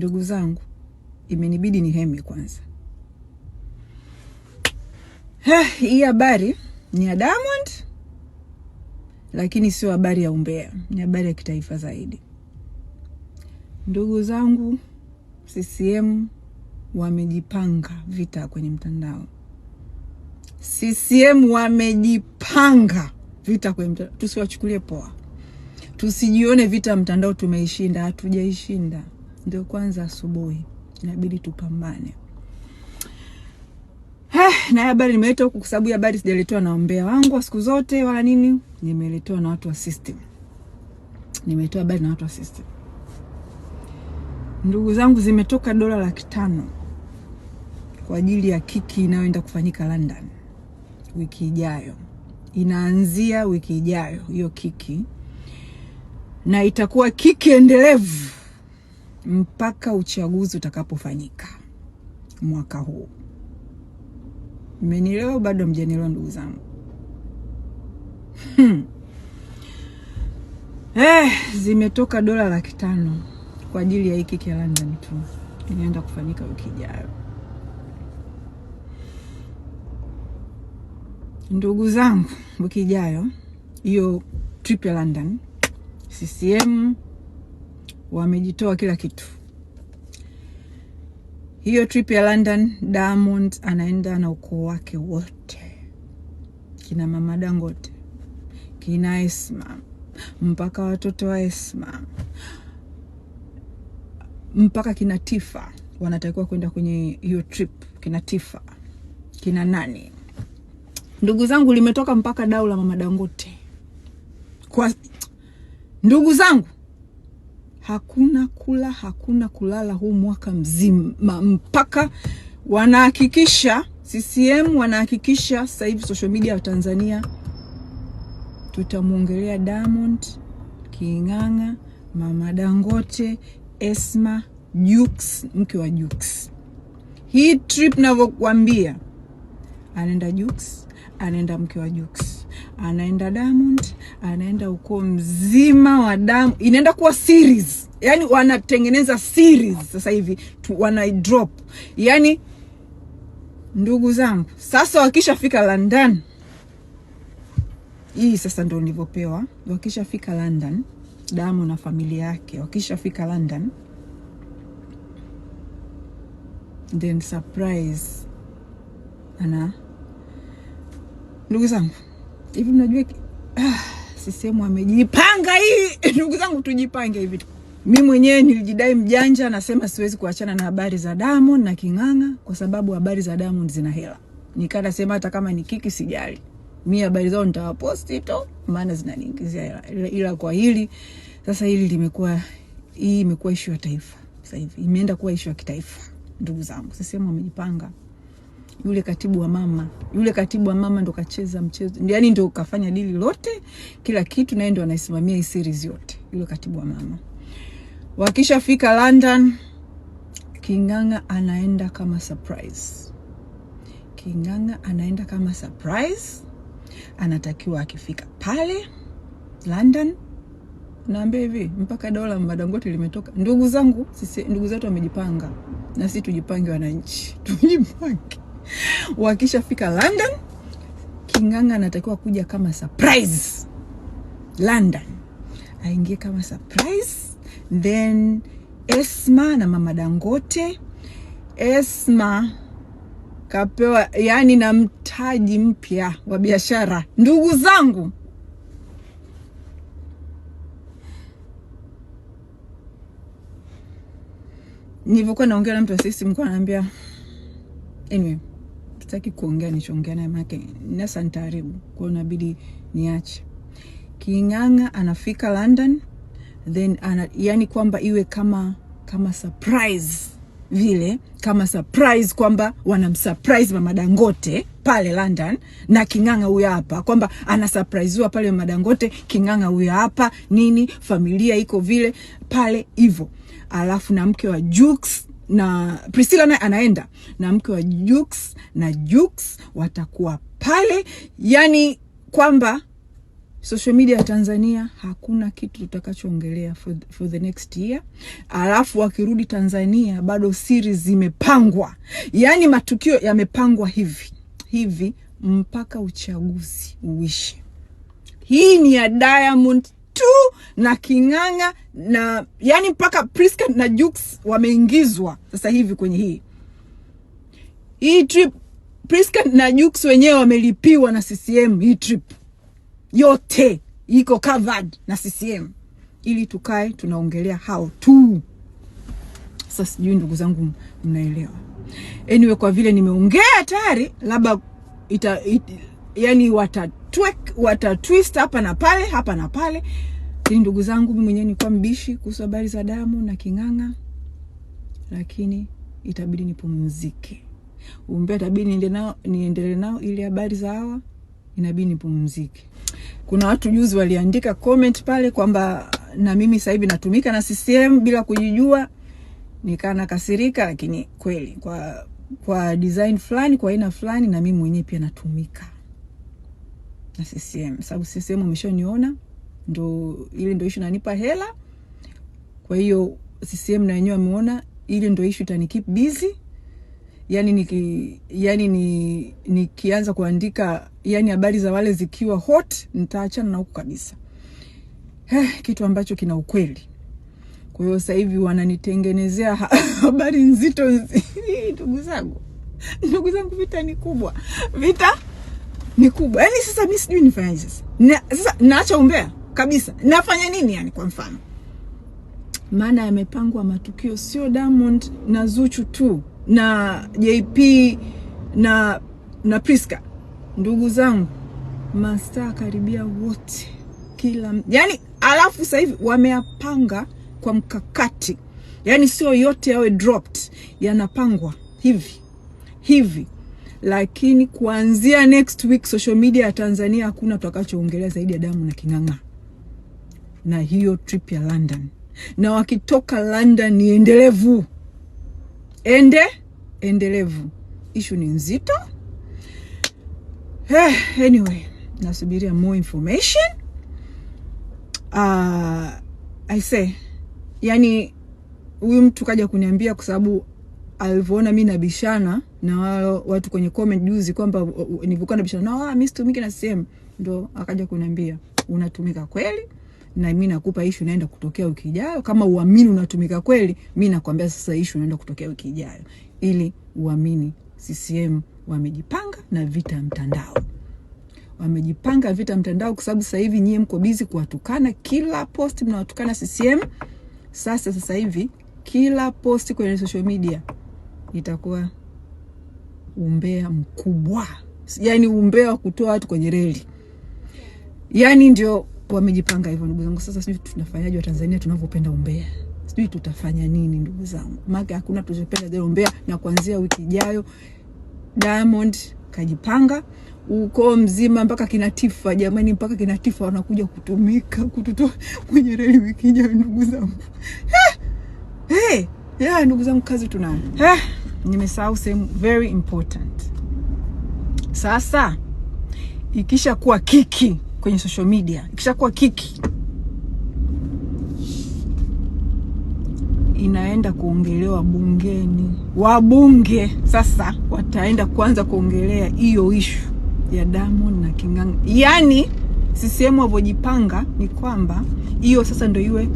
Ndugu zangu, imenibidi heme kwanza. Hii habari ni ya Diamond, lakini sio habari ya umbea, ni habari ya kitaifa zaidi. Ndugu zangu, CCM wamejipanga vita kwenye mtandao. CCM wamejipanga vita kwenye mtandao. Tusiwachukulie poa, tusijione vita ya mtandao tumeishinda. Hatujaishinda ndio kwanza asubuhi, inabidi tupambane. Na habari nimeleta huku kwa sababu habari sijaletewa na ombea wangu wa siku zote wala nini, nimeletewa na watu wa system, nimeletewa habari na watu wa system. Ndugu zangu, zimetoka dola laki tano kwa ajili ya kiki inayoenda kufanyika London wiki ijayo, inaanzia wiki ijayo hiyo kiki, na itakuwa kiki endelevu mpaka uchaguzi utakapofanyika mwaka huu. Mmenielewa? Bado mjanielewa ndugu zangu? Hmm. Eh, zimetoka dola laki tano kwa ajili ya hiki kia London tu, inaenda kufanyika wiki ijayo. Ndugu zangu, wiki ijayo hiyo trip ya London CCM wamejitoa kila kitu. Hiyo trip ya London, Diamond anaenda na ukoo wake wote, kina mama Dangote, kina Esma, mpaka watoto wa Esma, mpaka kina Tifa wanatakiwa kwenda kwenye hiyo trip, kina Tifa, kina nani. Ndugu zangu, limetoka mpaka dau la mama Dangote kwa ndugu zangu hakuna kula, hakuna kulala huu mwaka mzima, mpaka wanahakikisha CCM wanahakikisha sasa hivi social media ya Tanzania tutamwongelea Diamond King'ang'a, Mama Dangote, Esma, Jux, mke wa Jux. Hii trip navyokuambia, anaenda Jux, anaenda mke wa Jux anaenda Diamond, anaenda ukoo mzima wa damu, inaenda kuwa series. Yani wanatengeneza series sasa hivi wana drop. Yani ndugu zangu, sasa wakishafika London, hii sasa ndo nilivyopewa. Wakishafika London, damu na familia yake wakishafika London, then surprise ana ndugu zangu hivi mnajua ah, sisemu amejipanga hii. Ndugu zangu, tujipange hivi. Mi mwenyewe nilijidai mjanja, nasema siwezi kuachana na habari za damu na King'ang'a kwa sababu habari za damu zina hela. Nikana sema hata kama ni kiki sijali, mi habari zao nitawaposti tu, maana zinaniingizia hela. Ila kwa hili sasa, hili limekuwa hii imekuwa ishu ya taifa sasa hivi, imeenda kuwa ishu ya kitaifa. Ndugu zangu, sisehemu amejipanga yule katibu wa mama, yule katibu wa mama ndo kacheza mchezo, yani ndo kafanya dili lote, kila kitu, naye ndo anaisimamia hii series yote, yule katibu wa mama. Wakishafika London, King'ang'a anaenda kama surprise. King'ang'a anaenda kama surprise, anatakiwa akifika pale London naambia hivi mpaka dola madangoti limetoka. Ndugu zangu sisi, ndugu zetu wamejipanga, na sisi tujipange, wananchi tujipange wakishafika London, King'ang'a anatakiwa kuja kama surprise London, aingie kama surprise then Esma na mama Dangote. Esma kapewa yani na mtaji mpya wa biashara. Ndugu zangu, nilivyokuwa naongea na mtu wa sisi, mlikuwa anaambia anyway sitaki kuongea nichongea naye make nasa nitaaribu, kwa inabidi niache. King'ang'a anafika London then ana, yani kwamba iwe kama kama surprise vile kama surprise kwamba wanamsurprise Mama Dangote pale London na King'ang'a huyo hapa, kwamba anasurprisewa pale Mama Dangote, King'ang'a huyo hapa nini, familia iko vile pale hivyo, alafu na mke wa Jux na Priscilla naye anaenda na mke wa Jux na Jux watakuwa pale, yani kwamba social media ya Tanzania hakuna kitu tutakachoongelea for, for the next year. Alafu wakirudi Tanzania bado siri zimepangwa, yani matukio yamepangwa hivi hivi mpaka uchaguzi uishe. Hii ni ya Diamond tu na King'ang'a na yani mpaka Priska na Jux wameingizwa sasa hivi kwenye hii hii trip. Priska na Jux wenyewe wamelipiwa na CCM. Hii trip yote iko covered na CCM ili tukae tunaongelea hao tu. Sasa sijui ndugu zangu, mnaelewa? Anyway, kwa vile nimeongea tayari, labda ita, it, yani watatu watatwek watatwist hapa na pale hapa na pale. Lakini ndugu zangu, mimi mwenyewe nilikuwa mbishi kuhusu habari za damu na king'ang'a, lakini itabidi nipumzike. Umbea itabidi niende nao niendelee nao ili habari za hawa, inabidi nipumzike. Kuna watu juzi waliandika comment pale kwamba na mimi sasa hivi natumika na CCM bila kujijua, nikaa nakasirika, lakini kweli kwa kwa design fulani, kwa aina fulani, na mimi mwenyewe pia natumika na CCM sababu CCM ameshaniona, ndo ile ndo ishu nanipa hela. Kwa hiyo CCM na wenyewe ameona ile ndo ishu itanikeep busy yani niki, yani ni nikianza kuandika yani habari za wale zikiwa hot nitaachana na huko kabisa. eh, kitu ambacho kina ukweli. Kwa hiyo sasa hivi wananitengenezea habari nzito ndugu zangu. Ndugu zangu, vita ni kubwa. Vita ni kubwa. Yaani sasa mimi sijui nini sasa. Na sasa naacha umbea kabisa. Nafanya nini yani kwa mfano? Maana yamepangwa matukio sio Diamond na Zuchu tu na JP na na Priska. Ndugu zangu, mastaa karibia wote kila yani, alafu sasa hivi wameyapanga kwa mkakati, yani sio yote yawe dropped, yanapangwa hivi hivi lakini kuanzia next week social media ya Tanzania hakuna tutakachoongelea zaidi ya damu na king'ang'a na hiyo trip ya London, na wakitoka London ni endelevu ende endelevu. Ishu ni nzito eh, anyway nasubiria more information uh, I say yani huyu mtu kaja kuniambia kwa sababu alivyoona mi nabishana na wao watu kwenye comment juzi kwamba uh, uh, nilivyokuwa nabishana nao, ah, mimi situmiki na CCM, ndo akaja kuniambia unatumika kweli na mi nakupa ishu naenda kutokea wiki ijayo. Kama uamini unatumika kweli, mi nakwambia sasa ishu inaenda kutokea wiki ijayo, ili uamini CCM wamejipanga na vita mtandao, wamejipanga vita mtandao, kwa sababu sasa hivi nyie mko bizi kuwatukana, kila post mnawatukana CCM. Sasa sasa hivi kila posti kwenye social media itakuwa umbea mkubwa, yani umbea wa kutoa watu kwenye reli, yani ndio wamejipanga hivyo. Ndugu zangu, sasa sijui tunafanyaje? Watanzania tunavyopenda umbea, sijui tutafanya nini ndugu zangu, maana hakuna tuchopenda zile umbea. Na kuanzia wiki ijayo Diamond kajipanga uko mzima mpaka kinatifa jamani, mpaka kinatifa wanakuja kutumika kututoa kwenye reli wiki ijayo ndugu zangu. hey! Eh! Eh! yeah, ndugu zangu, kazi tunao. Eh, nimesahau sehemu very important. Sasa ikisha kuwa kiki kwenye social media, ikisha kuwa kiki inaenda kuongelewa bungeni. Wabunge sasa wataenda kuanza kuongelea hiyo ishu ya Diamond na King'ang'a. Yaani CCM walivyojipanga ni kwamba hiyo sasa ndio iwe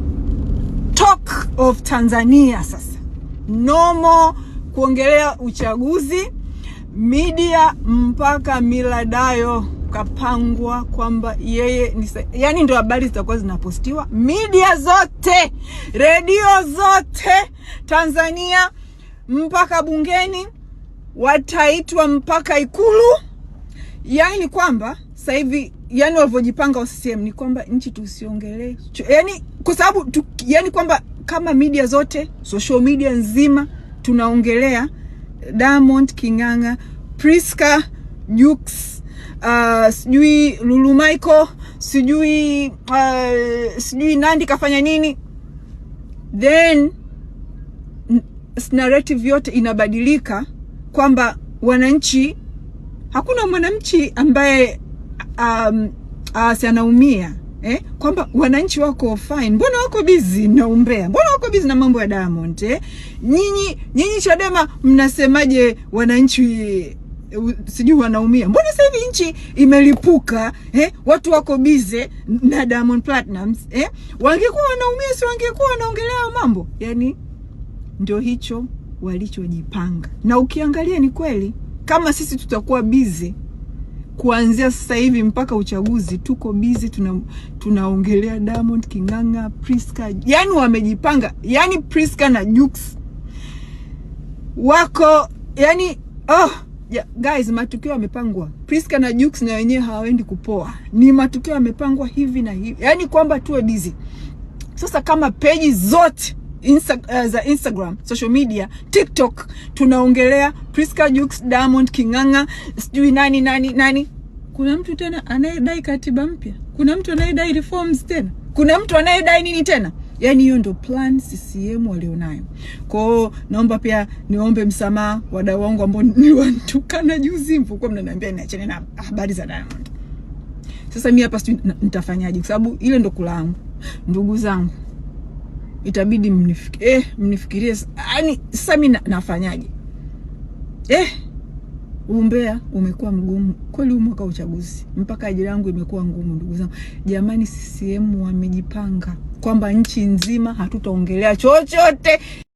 talk of Tanzania sasa nomo kuongelea uchaguzi media mpaka miladayo kapangwa kwamba yeye ni yani, ndio habari zitakuwa zinapostiwa media zote, redio zote Tanzania, mpaka bungeni wataitwa mpaka Ikulu. Yani kwamba sasa hivi yani walivyojipanga CCM ni kwamba nchi tusiongelee, yani kwa sababu yani kwamba kama media zote, social media nzima tunaongelea Diamond King'ang'a, Priska Jux, uh, sijui Lulu Michael, sijui uh, sijui Nandi kafanya nini, then narrative yote inabadilika kwamba wananchi, hakuna mwananchi ambaye um, asi anaumia eh, kwamba wananchi wako fine, mbona wako busy na umbea, mbona wako busy na mambo ya Diamond eh? Nyinyi nyinyi Chadema mnasemaje wananchi sijui wanaumia, mbona sasa hivi nchi imelipuka eh? Watu wako bize na Diamond Platnumz eh? Wangekuwa wanaumia, si wangekuwa wanaongelea mambo? Yani ndio hicho walichojipanga, na ukiangalia ni kweli, kama sisi tutakuwa bize kuanzia sasa hivi mpaka uchaguzi tuko bizi, tuna tunaongelea Diamond King'ang'a, Priska, yani wamejipanga, yani Priska na Jux wako yani, oh, yeah, guys, matukio yamepangwa. Priska na Jux na wenyewe hawaendi kupoa, ni matukio yamepangwa hivi na hivi, yani kwamba tuwe bizi sasa, kama peji zote insta, uh, za Instagram, social media, TikTok, tunaongelea Priska Jux, Diamond King'ang'a, sijui nani nani nani. Kuna mtu tena anayedai katiba mpya? Kuna mtu anayedai reforms tena? Kuna mtu anayedai nini tena? Yaani hiyo ndio plan CCM walionayo. Kwa hiyo naomba pia niombe msamaha wadau wangu ambao niliwatukana juzi, mpokuwa mnaniambia niachane na habari za Diamond. Sasa mimi hapa sijui nitafanyaje, kwa sababu ile ndo kulangu, ndugu zangu itabidi mnifik eh, mnifikirie yani. sasa mimi nafanyaje? Eh, umbea umekuwa mgumu kweli mwaka uchaguzi, mpaka ajira yangu imekuwa ngumu. Ndugu zangu jamani, CCM wamejipanga kwamba nchi nzima hatutaongelea chochote.